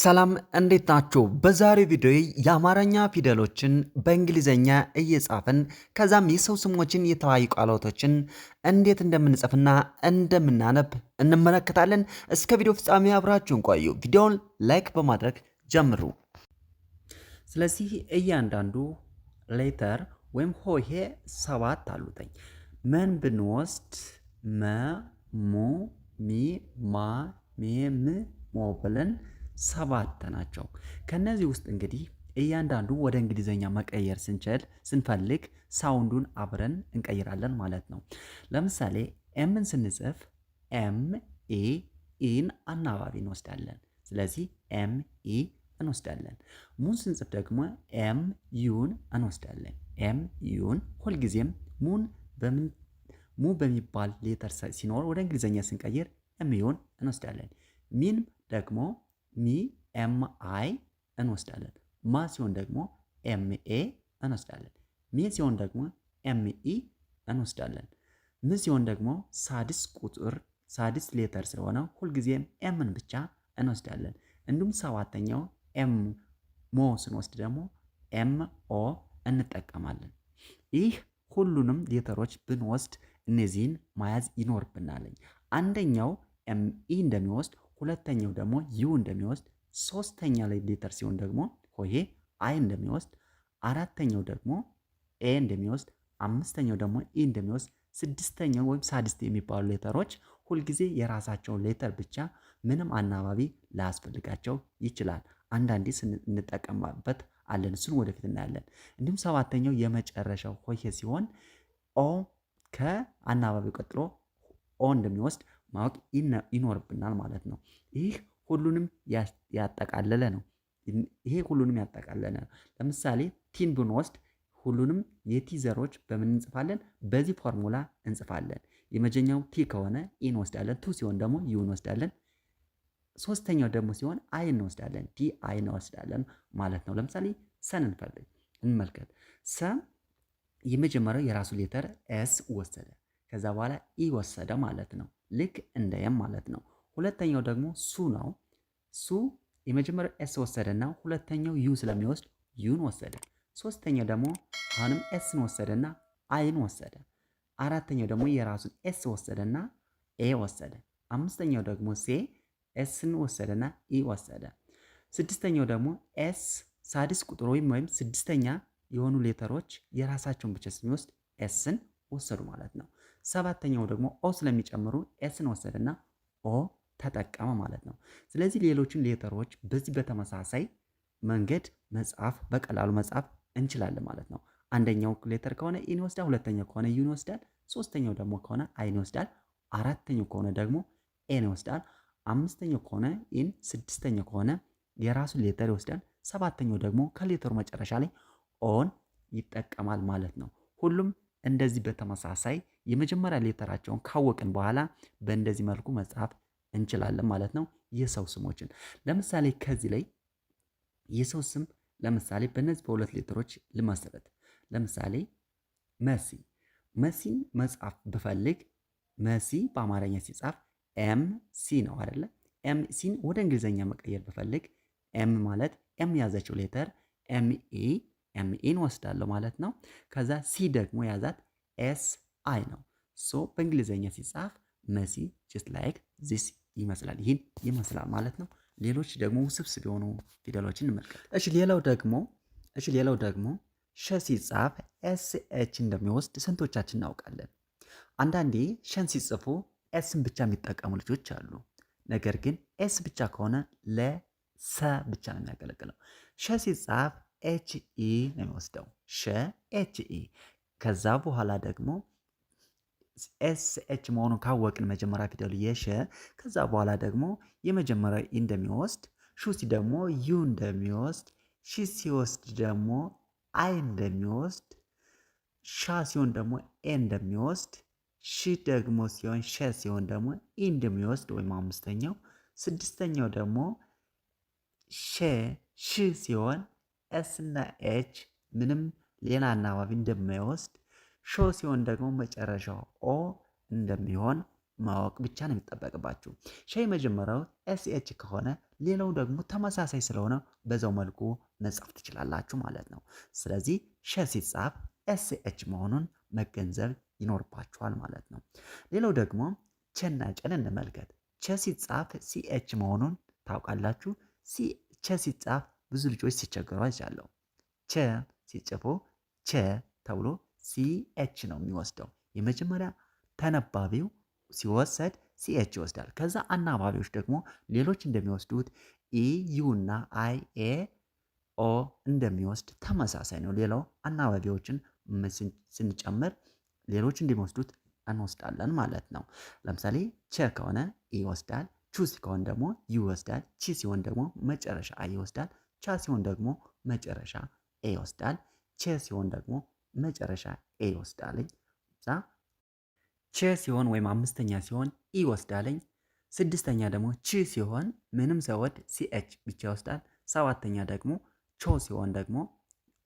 ሰላም እንዴት ናችሁ? በዛሬው ቪዲዮ የአማርኛ ፊደሎችን በእንግሊዘኛ እየጻፍን ከዛም የሰው ስሞችን የተለያዩ ቃላቶችን እንዴት እንደምንጽፍና እንደምናነብ እንመለከታለን። እስከ ቪዲዮ ፍጻሜ አብራችሁን ቆዩ። ቪዲዮውን ላይክ በማድረግ ጀምሩ። ስለዚህ እያንዳንዱ ሌተር ወይም ሆሄ ሰባት አሉተኝ መን ብንወስድ መ፣ ሙ፣ ሚ፣ ማ፣ ሜ፣ ም፣ ሞ ብለን ሰባት ናቸው። ከነዚህ ውስጥ እንግዲህ እያንዳንዱ ወደ እንግሊዘኛ መቀየር ስንችል ስንፈልግ ሳውንዱን አብረን እንቀይራለን ማለት ነው። ለምሳሌ ኤምን ስንጽፍ ኤም ኤ ኢን አናባቢ እንወስዳለን። ስለዚህ ኤም ኢ እንወስዳለን። ሙን ስንጽፍ ደግሞ ኤም ዩን እንወስዳለን። ኤም ዩን ሁልጊዜም ሙን ሙ በሚባል ሌተር ሲኖር ወደ እንግሊዘኛ ስንቀይር ኤም ዩን እንወስዳለን። ሚን ደግሞ ሚ ኤም አይ እንወስዳለን። ማ ሲሆን ደግሞ ኤም ኤ እንወስዳለን። ሚ ሲሆን ደግሞ ኤም ኢ እንወስዳለን። ም ሲሆን ደግሞ ሳድስ ቁጥር ሳድስ ሌተር ስለሆነ ሁልጊዜም ኤምን ብቻ እንወስዳለን። እንዲሁም ሰባተኛው ኤም ሞ ስንወስድ ደግሞ ኤም ኦ እንጠቀማለን። ይህ ሁሉንም ሌተሮች ብንወስድ እነዚህን መያዝ ይኖርብናለኝ። አንደኛው ኤም ኢ እንደሚወስድ ሁለተኛው ደግሞ ዩ እንደሚወስድ፣ ሶስተኛ ላይ ሌተር ሲሆን ደግሞ ሆሄ አይ እንደሚወስድ፣ አራተኛው ደግሞ ኤ እንደሚወስድ፣ አምስተኛው ደግሞ ኢ እንደሚወስድ፣ ስድስተኛው ወይም ሳድስት የሚባሉ ሌተሮች ሁልጊዜ የራሳቸውን ሌተር ብቻ ምንም አናባቢ ላያስፈልጋቸው ይችላል። አንዳንዴ እንጠቀምበት አለን። እሱን ወደፊት እናያለን። እንዲሁም ሰባተኛው የመጨረሻው ሆሄ ሲሆን ኦ ከአናባቢው ቀጥሎ ኦ እንደሚወስድ ማወቅ ይኖርብናል ማለት ነው። ይህ ሁሉንም ያጠቃለለ ነው። ይሄ ሁሉንም ያጠቃለለ ነው። ለምሳሌ ቲን ብንወስድ ሁሉንም የቲ ዘሮች በምን እንጽፋለን? በዚህ ፎርሙላ እንጽፋለን። የመጀኛው ቲ ከሆነ ኢ እንወስዳለን። ቱ ሲሆን ደግሞ ዩ እንወስዳለን። ሶስተኛው ደግሞ ሲሆን አይ እንወስዳለን። ቲ አይ እንወስዳለን ማለት ነው። ለምሳሌ ሰን እንፈልግ እንመልከት። ሰ የመጀመሪያው የራሱ ሌተር ኤስ ወሰደ። ከዛ በኋላ ኢ ወሰደ ማለት ነው። ልክ እንደ የም ማለት ነው። ሁለተኛው ደግሞ ሱ ነው። ሱ የመጀመሪያው ኤስ ወሰደና ሁለተኛው ዩ ስለሚወስድ ዩን ወሰደ። ሶስተኛው ደግሞ አሁንም ኤስን ወሰደና አይን ወሰደ። አራተኛው ደግሞ የራሱን ኤስ ወሰደና ኤ ወሰደ። አምስተኛው ደግሞ ሴ ኤስን ወሰደና ኢ ወሰደ። ስድስተኛው ደግሞ ኤስ ሳድስ ቁጥር ወይም ወይም ስድስተኛ የሆኑ ሌተሮች የራሳቸውን ብቻ ስለሚወስድ ኤስን ወሰዱ ማለት ነው። ሰባተኛው ደግሞ ኦ ስለሚጨምሩ ኤስን ወሰደና ኦ ተጠቀመ ማለት ነው። ስለዚህ ሌሎችን ሌተሮች በዚህ በተመሳሳይ መንገድ መጻፍ በቀላሉ መጻፍ እንችላለን ማለት ነው። አንደኛው ሌተር ከሆነ ኢን ይወስዳል፣ ሁለተኛው ከሆነ ዩን ይወስዳል፣ ሶስተኛው ደግሞ ከሆነ አይን ይወስዳል፣ አራተኛው ከሆነ ደግሞ ኤን ይወስዳል፣ አምስተኛው ከሆነ ኢን፣ ስድስተኛው ከሆነ የራሱን ሌተር ይወስዳል፣ ሰባተኛው ደግሞ ከሌተሩ መጨረሻ ላይ ኦን ይጠቀማል ማለት ነው። ሁሉም እንደዚህ በተመሳሳይ የመጀመሪያ ሌተራቸውን ካወቅን በኋላ በእንደዚህ መልኩ መጻፍ እንችላለን ማለት ነው። የሰው ስሞችን ለምሳሌ ከዚህ ላይ የሰው ስም ለምሳሌ በእነዚህ በሁለት ሌተሮች ልመሰረት። ለምሳሌ መሲ። መሲን መጻፍ ብፈልግ መሲ በአማርኛ ሲጻፍ ኤም ሲ ነው አይደለ? ኤም ሲን ወደ እንግሊዝኛ መቀየር ብፈልግ ኤም ማለት ኤም የያዘችው ሌተር ኤም ኤ ኤም ኤን ወስዳለሁ ማለት ነው። ከዛ ሲ ደግሞ የያዛት ኤስ አይ ነው። ሶ በእንግሊዘኛ ሲጻፍ መሲ ጀስት ላይክ ዚስ ይመስላል። ይህን ይመስላል ማለት ነው። ሌሎች ደግሞ ውስብስብ የሆኑ ፊደሎችን እንመልከት። እሺ ሌላው ደግሞ እሺ ሌላው ደግሞ ሸ ሲጻፍ ኤስ ኤች እንደሚወስድ ስንቶቻችን እናውቃለን? አንዳንዴ ሸን ሲጽፉ ኤስን ብቻ የሚጠቀሙ ልጆች አሉ። ነገር ግን ኤስ ብቻ ከሆነ ለሰ ብቻ ነው የሚያገለግለው። ሸ ሲጻፍ ኤች ኢ ነው የሚወስደው። ሸ ኤች ኢ ከዛ በኋላ ደግሞ ኤስኤች መሆኑን ካወቅን መጀመሪያ ፊደሉ የሸ ከዛ በኋላ ደግሞ የመጀመሪያ እንደሚወስድ ሹ ሲ ደግሞ ዩ እንደሚወስድ ሺ ሲወስድ ደግሞ አይ እንደሚወስድ ሻ ሲሆን ደግሞ ኤ እንደሚወስድ ሺ ደግሞ ሲሆን ሸ ሲሆን ደግሞ ኢ እንደሚወስድ ወይም አምስተኛው። ስድስተኛው ደግሞ ሸ ሺ ሲሆን ኤስ እና ኤች ምንም ሌላ አናባቢ እንደማይወስድ ሾ ሲሆን ደግሞ መጨረሻው ኦ እንደሚሆን ማወቅ ብቻ ነው የሚጠበቅባችሁ። ሸይ መጀመሪያው ኤስኤች ከሆነ ሌላው ደግሞ ተመሳሳይ ስለሆነ በዛው መልኩ መጻፍ ትችላላችሁ ማለት ነው። ስለዚህ ሸ ሲጻፍ ኤስኤች መሆኑን መገንዘብ ይኖርባችኋል ማለት ነው። ሌላው ደግሞ ቸና ጨን እንመልከት። ቸ ሲጻፍ ሲኤች መሆኑን ታውቃላችሁ። ቸ ሲጻፍ ብዙ ልጆች ሲቸገሩ አይቻለሁ። ቸ ሲጽፉ ቸ ተብሎ ሲኤች ነው የሚወስደው። የመጀመሪያ ተነባቢው ሲወሰድ ሲኤች ይወስዳል። ከዛ አናባቢዎች ደግሞ ሌሎች እንደሚወስዱት ኢዩ እና አይ ኤ ኦ እንደሚወስድ ተመሳሳይ ነው። ሌላው አናባቢዎችን ስንጨምር ሌሎች እንደሚወስዱት እንወስዳለን ማለት ነው። ለምሳሌ ቸ ከሆነ ይወስዳል፣ ቹ ሲሆን ደግሞ ይወስዳል፣ ቺ ሲሆን ደግሞ መጨረሻ አይ ይወስዳል፣ ቻ ሲሆን ደግሞ መጨረሻ ኤ ይወስዳል፣ ቼ ሲሆን ደግሞ መጨረሻ ኤ ይወስዳለኝ። እዛ ቼ ሲሆን ወይም አምስተኛ ሲሆን ኢ ይወስዳለኝ። ስድስተኛ ደግሞ ቺ ሲሆን ምንም ሰወድ ሲኤች ብቻ ይወስዳል። ሰባተኛ ደግሞ ቾ ሲሆን ደግሞ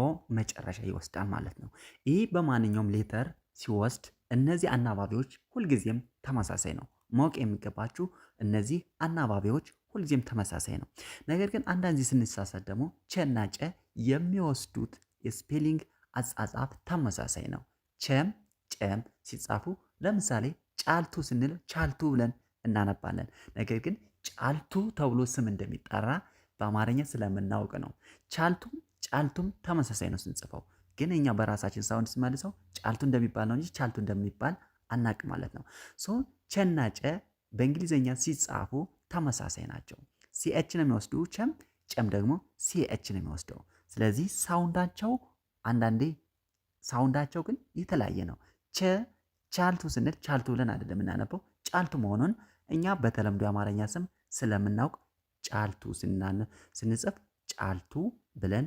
ኦ መጨረሻ ይወስዳል ማለት ነው። ይህ በማንኛውም ሌተር ሲወስድ እነዚህ አናባቢዎች ሁልጊዜም ተመሳሳይ ነው። ማወቅ የሚገባችሁ እነዚህ አናባቢዎች ሁልጊዜም ተመሳሳይ ነው። ነገር ግን አንዳንድ ስንሳሳት ደግሞ ቼና ጨ የሚወስዱት የስፔሊንግ አጻጻፍ ተመሳሳይ ነው። ቸም ጨም ሲጻፉ ለምሳሌ ጫልቱ ስንል ቻልቱ ብለን እናነባለን። ነገር ግን ጫልቱ ተብሎ ስም እንደሚጠራ በአማርኛ ስለምናውቅ ነው። ቻልቱም ጫልቱም ተመሳሳይ ነው ስንጽፈው፣ ግን እኛ በራሳችን ሳውንድ ስመልሰው ጫልቱ እንደሚባል ነው እንጂ ቻልቱ እንደሚባል አናቅ ማለት ነው። ሶ ቸና ጨ በእንግሊዝኛ ሲጻፉ ተመሳሳይ ናቸው። ሲኤች ነው የሚወስዱ ቸም ጨም ደግሞ ሲኤች ነው የሚወስደው። ስለዚህ ሳውንዳቸው አንዳንዴ ሳውንዳቸው ግን የተለያየ ነው። ቸ ቻልቱ ስንል ቻልቱ ብለን አይደለም የምናነበው ጫልቱ መሆኑን እኛ በተለምዶ የአማርኛ ስም ስለምናውቅ ጫልቱ ስንጽፍ ጫልቱ ብለን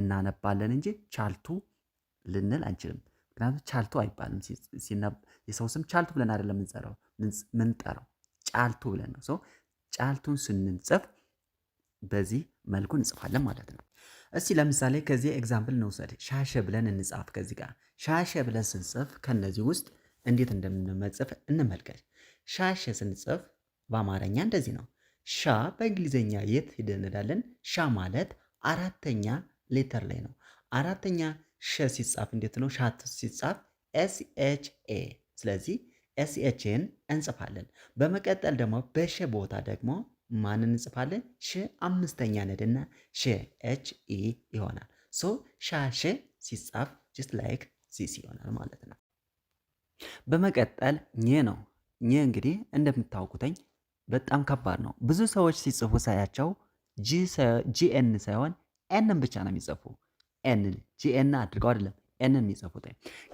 እናነባለን እንጂ ቻልቱ ልንል አንችልም። ምክንያቱም ቻልቱ አይባልም። የሰው ስም ቻልቱ ብለን አይደለም ምንጠራው ጫልቱ ብለን ነው። ጫልቱን ስንጽፍ በዚህ መልኩ እንጽፋለን ማለት ነው። እስቲ ለምሳሌ ከዚህ ኤግዛምፕል እንውሰድ። ሻሸ ብለን እንጻፍ። ከዚህ ጋር ሻሸ ብለን ስንጽፍ ከነዚህ ውስጥ እንዴት እንደምንመጽፍ እንመልከት። ሻሸ ስንጽፍ በአማርኛ እንደዚህ ነው። ሻ በእንግሊዝኛ የት ይደነዳለን? ሻ ማለት አራተኛ ሌተር ላይ ነው። አራተኛ ሸ ሲጻፍ እንዴት ነው? ሻት ሲጻፍ ኤስኤች ኤ። ስለዚህ ኤስኤችን እንጽፋለን። በመቀጠል ደግሞ በሸ ቦታ ደግሞ ማንን እንጽፋለን? ሽ አምስተኛ ነድና ሽ ኤች ኢ ይሆናል። ሶ ሻሽ ሲጻፍ ጅስት ላይክ ዚስ ይሆናል ማለት ነው። በመቀጠል ኘ ነው። ኘ እንግዲህ እንደምታውቁተኝ በጣም ከባድ ነው። ብዙ ሰዎች ሲጽፉ ሳያቸው ጂኤን ሳይሆን ኤንን ብቻ ነው የሚጽፉ። ኤንን ጂኤን አድርገው አይደለም ኤንን የሚጽፉት፣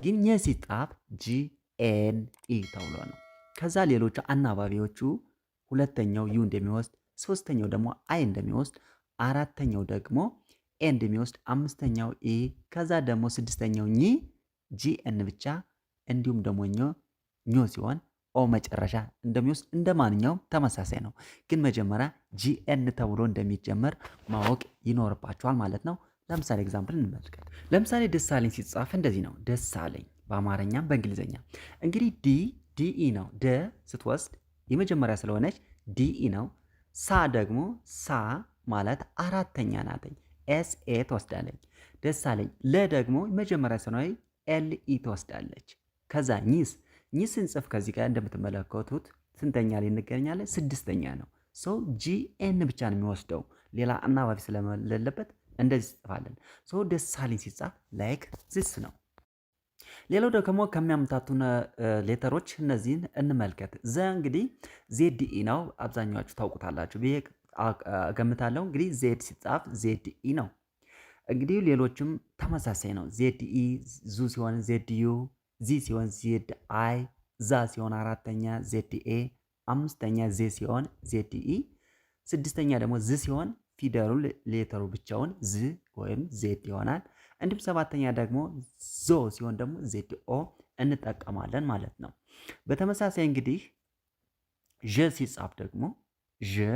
ግን ኘ ሲጻፍ ጂኤን ኢ ተብሎ ነው። ከዛ ሌሎቹ አናባቢዎቹ ሁለተኛው ዩ እንደሚወስድ፣ ሶስተኛው ደግሞ አይ እንደሚወስድ፣ አራተኛው ደግሞ ኤ እንደሚወስድ፣ አምስተኛው ኤ ከዛ ደግሞ ስድስተኛው ኚ ጂ ብቻ እንዲሁም ደግሞ ኞ ሲሆን ኦ መጨረሻ እንደሚወስድ እንደ ማንኛውም ተመሳሳይ ነው። ግን መጀመሪያ ጂኤን ተብሎ እንደሚጀመር ማወቅ ይኖርባቸዋል ማለት ነው። ለምሳሌ ኤግዛምፕል እንመልከት። ለምሳሌ ደሳለኝ ሲጻፍ እንደዚህ ነው። ደሳለኝ በአማርኛም በእንግሊዝኛ እንግዲህ ዲ ዲኢ ነው። ደ ስትወስድ የመጀመሪያ ስለሆነች ዲኢ ነው። ሳ ደግሞ ሳ ማለት አራተኛ ናተኝ። ኤስ ኤ ትወስዳለች። ደስ አለኝ። ለ ደግሞ የመጀመሪያ ስለሆነ ኤል ኢ ትወስዳለች። ከዛ ኝስ ኝስ ስንጽፍ ከዚህ ጋር እንደምትመለከቱት ስንተኛ ላይ እንገኛለን? ስድስተኛ ነው። ሰው ጂኤን ብቻ ነው የሚወስደው ሌላ አናባቢ ስለሌለበት እንደዚህ ጽፋለን። ሰው ደሳለኝ ሲጻፍ ላይክ ዚስ ነው። ሌላው ደግሞ ከሚያምታቱን ሌተሮች እነዚህን እንመልከት። ዘ እንግዲህ ዜድ ኢ ነው፣ አብዛኛዎቹ ታውቁታላችሁ ብዬ እገምታለሁ። እንግዲህ ዜድ ሲጻፍ ዜድ ኢ ነው። እንግዲህ ሌሎችም ተመሳሳይ ነው። ዜድ ኢ ዙ ሲሆን ዜድ ዩ፣ ዚ ሲሆን ዜድ አይ፣ ዛ ሲሆን አራተኛ ዜድ ኤ፣ አምስተኛ ዜ ሲሆን ዜድ ኢ፣ ስድስተኛ ደግሞ ዝ ሲሆን ፊደሉ ሌተሩ ብቻውን ዝ ወይም ዜድ ይሆናል። እንዲሁም ሰባተኛ ደግሞ ዞ ሲሆን ደግሞ ዜድ ኦ እንጠቀማለን ማለት ነው። በተመሳሳይ እንግዲህ ዥ ሲጻፍ ደግሞ ዥ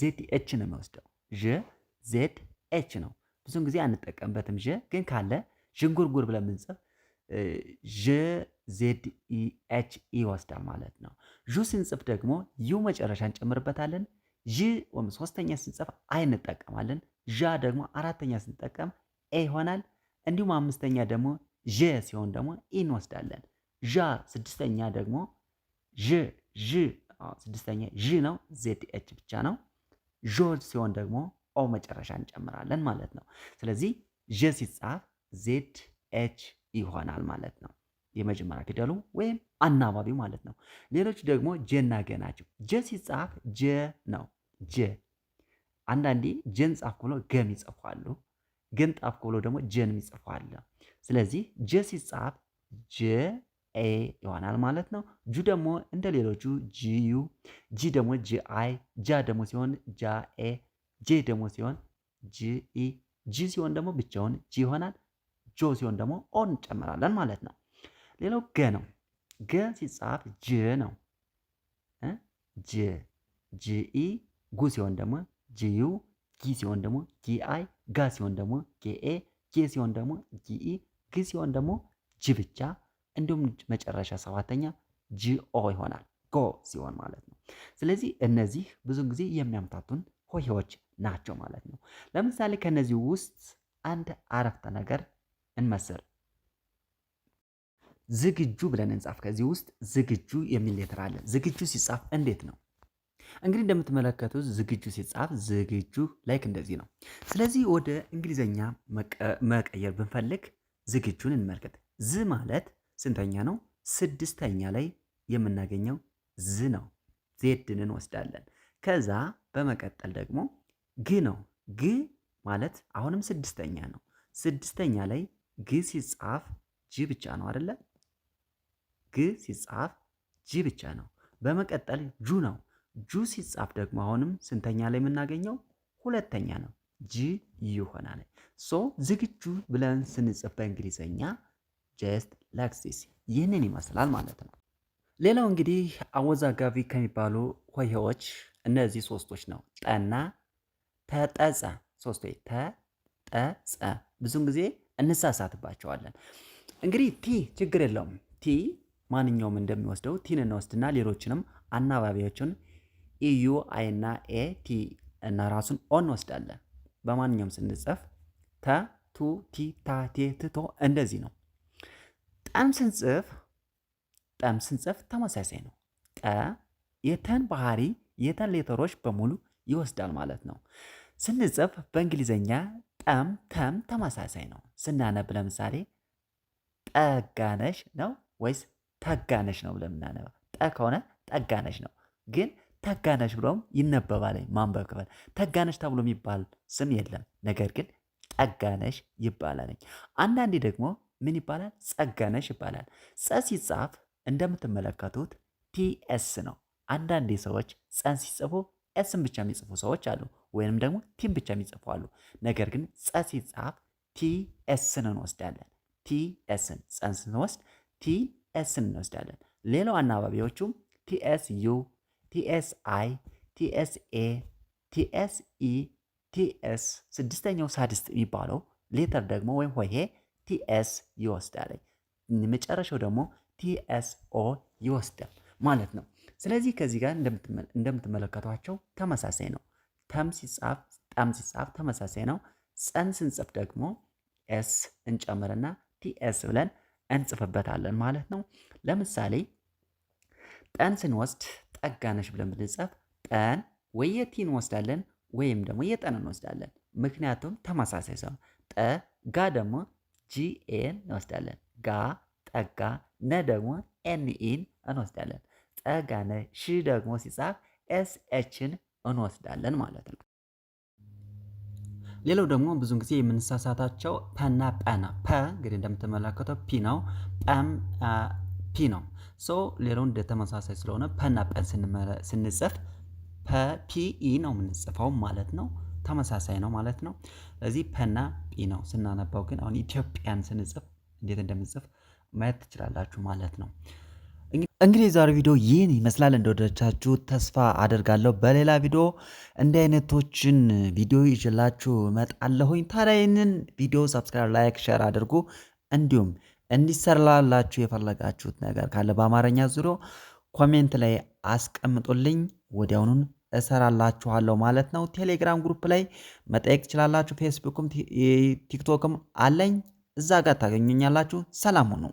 ዜድ ኤች ነው የሚወስደው። ዥ ዜድ ኤች ነው። ብዙን ጊዜ አንጠቀምበትም። ዥ ግን ካለ ዥንጉርጉር ብለን ምንጽፍ ዥ ዜድ ኢ ኤች ኢ ይወስዳል ማለት ነው። ዡ ስንጽፍ ደግሞ ዩ መጨረሻ እንጨምርበታለን። ዥ ወይም ሶስተኛ ስንጽፍ አይ እንጠቀማለን። ዣ ደግሞ አራተኛ ስንጠቀም ኤ ይሆናል። እንዲሁም አምስተኛ ደግሞ ዥ ሲሆን ደግሞ ኢ እንወስዳለን። ዣ ስድስተኛ ደግሞ ዥ ዥ ስድስተኛ ዥ ነው። ዜድ ኤች ብቻ ነው። ዦድ ሲሆን ደግሞ ኦ መጨረሻ እንጨምራለን ማለት ነው። ስለዚህ ዥ ሲጻፍ ዜድ ኤች ይሆናል ማለት ነው። የመጀመሪያ ፊደሉ ወይም አናባቢው ማለት ነው። ሌሎች ደግሞ ጀና ገ ናቸው። ጀ ሲጻፍ ጀ ነው። ጀ አንዳንዴ ጀን ጻፍ ብሎ ገም ይጽፋሉ። ግን ጣፍ ብሎ ደግሞ ጀን የሚጽፉ አለ። ስለዚህ ጀ ሲጻፍ ጀ ኤ ይሆናል ማለት ነው። ጁ ደግሞ እንደ ሌሎቹ ጂዩ፣ ጂ ደግሞ ጂ አይ፣ ጃ ደግሞ ሲሆን ጃ ኤ፣ ጄ ደግሞ ሲሆን ጂ ኢ፣ ጂ ሲሆን ደግሞ ብቻውን ጂ ይሆናል። ጆ ሲሆን ደግሞ ኦ እንጨምራለን ማለት ነው። ሌላው ገ ነው። ገ ሲጻፍ ጅ ነው። ጅ ጂ ኢ፣ ጉ ሲሆን ደግሞ ጂዩ ጊ ሲሆን ደግሞ አይ፣ ጋ ሲሆን ደግሞ ጌኤ፣ ጄ ሲሆን ደግሞ ጂኢ፣ ግ ሲሆን ደግሞ ጅ ብቻ፣ እንዲሁም መጨረሻ ሰባተኛ ጂኦ ይሆናል። ጎ ሲሆን ማለት ነው። ስለዚህ እነዚህ ብዙ ጊዜ የሚያምታቱን ሆሄዎች ናቸው ማለት ነው። ለምሳሌ ከነዚህ ውስጥ አንድ አረፍተ ነገር እንመስር። ዝግጁ ብለን እንጻፍ። ከዚህ ውስጥ ዝግጁ የሚል ሌተር አለ። ዝግጁ ሲጻፍ እንዴት ነው? እንግዲህ እንደምትመለከቱት ዝግጁ ሲጻፍ ዝግጁ ላይክ እንደዚህ ነው። ስለዚህ ወደ እንግሊዘኛ መቀየር ብንፈልግ ዝግጁን እንመልከት። ዝ ማለት ስንተኛ ነው? ስድስተኛ ላይ የምናገኘው ዝ ነው። ዜድን እንወስዳለን። ከዛ በመቀጠል ደግሞ ግ ነው። ግ ማለት አሁንም ስድስተኛ ነው። ስድስተኛ ላይ ግ ሲጻፍ ጅ ብቻ ነው አደለ? ግ ሲጻፍ ጅ ብቻ ነው። በመቀጠል ጁ ነው። ጁ ሲጻፍ ደግሞ አሁንም ስንተኛ ላይ የምናገኘው ሁለተኛ ነው። ጂ ይሆናል። ሶ ዝግጁ ብለን ስንጽፍ በእንግሊዘኛ ጀስት ላይክ ዚስ ይህንን ይመስላል ማለት ነው። ሌላው እንግዲህ አወዛጋቢ ከሚባሉ ሆሄዎች እነዚህ ሶስቶች ነው። ጠና፣ ተጠጸ ሶስቶ ተጠጸ ብዙን ጊዜ እንሳሳትባቸዋለን። እንግዲህ ቲ ችግር የለውም ቲ ማንኛውም እንደሚወስደው ቲን እንወስድና ሌሎችንም አናባቢዎችን ኢዩ አይ እና ኤ ቲ እና ራሱን ኦ እንወስዳለን። በማንኛውም ስንጽፍ ተ ቱ ቲ ታ ቴ ትቶ እንደዚህ ነው። ጠም ስንጽፍ ጠም ስንጽፍ ተመሳሳይ ነው። ጠ የተን ባህሪ የተን ሌተሮች በሙሉ ይወስዳል ማለት ነው። ስንጽፍ በእንግሊዘኛ ጠም ተም ተመሳሳይ ነው። ስናነብ ለምሳሌ ጠጋነሽ ነው ወይስ ተጋነሽ ነው ብለን ምናነባ ጠ ከሆነ ጠጋነሽ ነው ግን ተጋነሽ ብሎም ይነበባል። ማንበብ ክፈል ተጋነሽ ተብሎ የሚባል ስም የለም፣ ነገር ግን ጠጋነሽ ይባላል። አንዳንዴ ደግሞ ምን ይባላል? ጸጋነሽ ይባላል። ጸ ሲጻፍ እንደምትመለከቱት ቲኤስ ነው። አንዳንዴ ሰዎች ጸን ሲጽፉ ኤስን ብቻ የሚጽፉ ሰዎች አሉ፣ ወይንም ደግሞ ቲን ብቻ የሚጽፉ አሉ። ነገር ግን ጸ ሲጻፍ ቲኤስን እንወስዳለን። ቲኤስን ጸን ስንወስድ ቲኤስን እንወስዳለን። ሌላው አናባቢዎቹም ቲኤስ ዩ ቲኤስአይ፣ ቲኤስኤ፣ ቲኤስኢ፣ ቲኤስ ስድስተኛው ሳድስት የሚባለው ሌተር ደግሞ ወይም ሆሄ ቲኤስ ይወስዳል። መጨረሻው ደግሞ ቲኤስኦ ይወስዳል ማለት ነው። ስለዚህ ከዚህ ጋር እንደምትመለከቷቸው ተመሳሳይ ነው። ተም ሲጻፍ ጣም ሲጻፍ ተመሳሳይ ነው። ፀን ስንጽፍ ደግሞ ኤስ እንጨምርና ቲኤስ ብለን እንጽፍበታለን ማለት ነው። ለምሳሌ ጠን ስንወስድ ጠጋነሽ ብለን ብንጻፍ ጠን ወይ የቲ እንወስዳለን ወይም ደግሞ የጠን እንወስዳለን። ምክንያቱም ተመሳሳይ ሰው ጠ ጋ ደግሞ ጂኤን እንወስዳለን። ጋ ጠጋ፣ ነ ደግሞ ኤንኢን እንወስዳለን። ጠጋነ ሺ ደግሞ ሲጻፍ ኤስኤችን እንወስዳለን ማለት ነው። ሌላው ደግሞ ብዙን ጊዜ የምንሳሳታቸው ፐና ጰ ነው። ፐ እንግዲህ እንደምትመለከተው ፒ ነው። ጰም ፒ ነው። ሶ ሌላው ስለሆነ ፐና ፐን ስንጽፍ ፒኢ ነው የምንጽፈው ማለት ነው። ተመሳሳይ ነው ማለት ነው። እዚህ ፐና ፒ ነው ስናነባው፣ ግን አሁን ኢትዮጵያን ስንጽፍ እንዴት እንደምንጽፍ ማየት ትችላላችሁ ማለት ነው። እንግዲህ የዛሬ ቪዲዮ ይህን ይመስላል። እንደወደዳችሁ ተስፋ አደርጋለሁ። በሌላ ቪዲዮ እንደ አይነቶችን ቪዲዮ ይዤላችሁ እመጣለሁኝ። ታዲያ ይህንን ቪዲዮ ሰብስክራይብ፣ ላይክ፣ ሼር አድርጉ እንዲሁም እንዲሰራላችሁ የፈለጋችሁት ነገር ካለ በአማርኛ ዙሮ ኮሜንት ላይ አስቀምጡልኝ። ወዲያውኑን እሰራላችኋለሁ ማለት ነው። ቴሌግራም ግሩፕ ላይ መጠየቅ ትችላላችሁ። ፌስቡክም ቲክቶክም አለኝ። እዛ ጋር ታገኙኛላችሁ። ሰላም ሁኑ።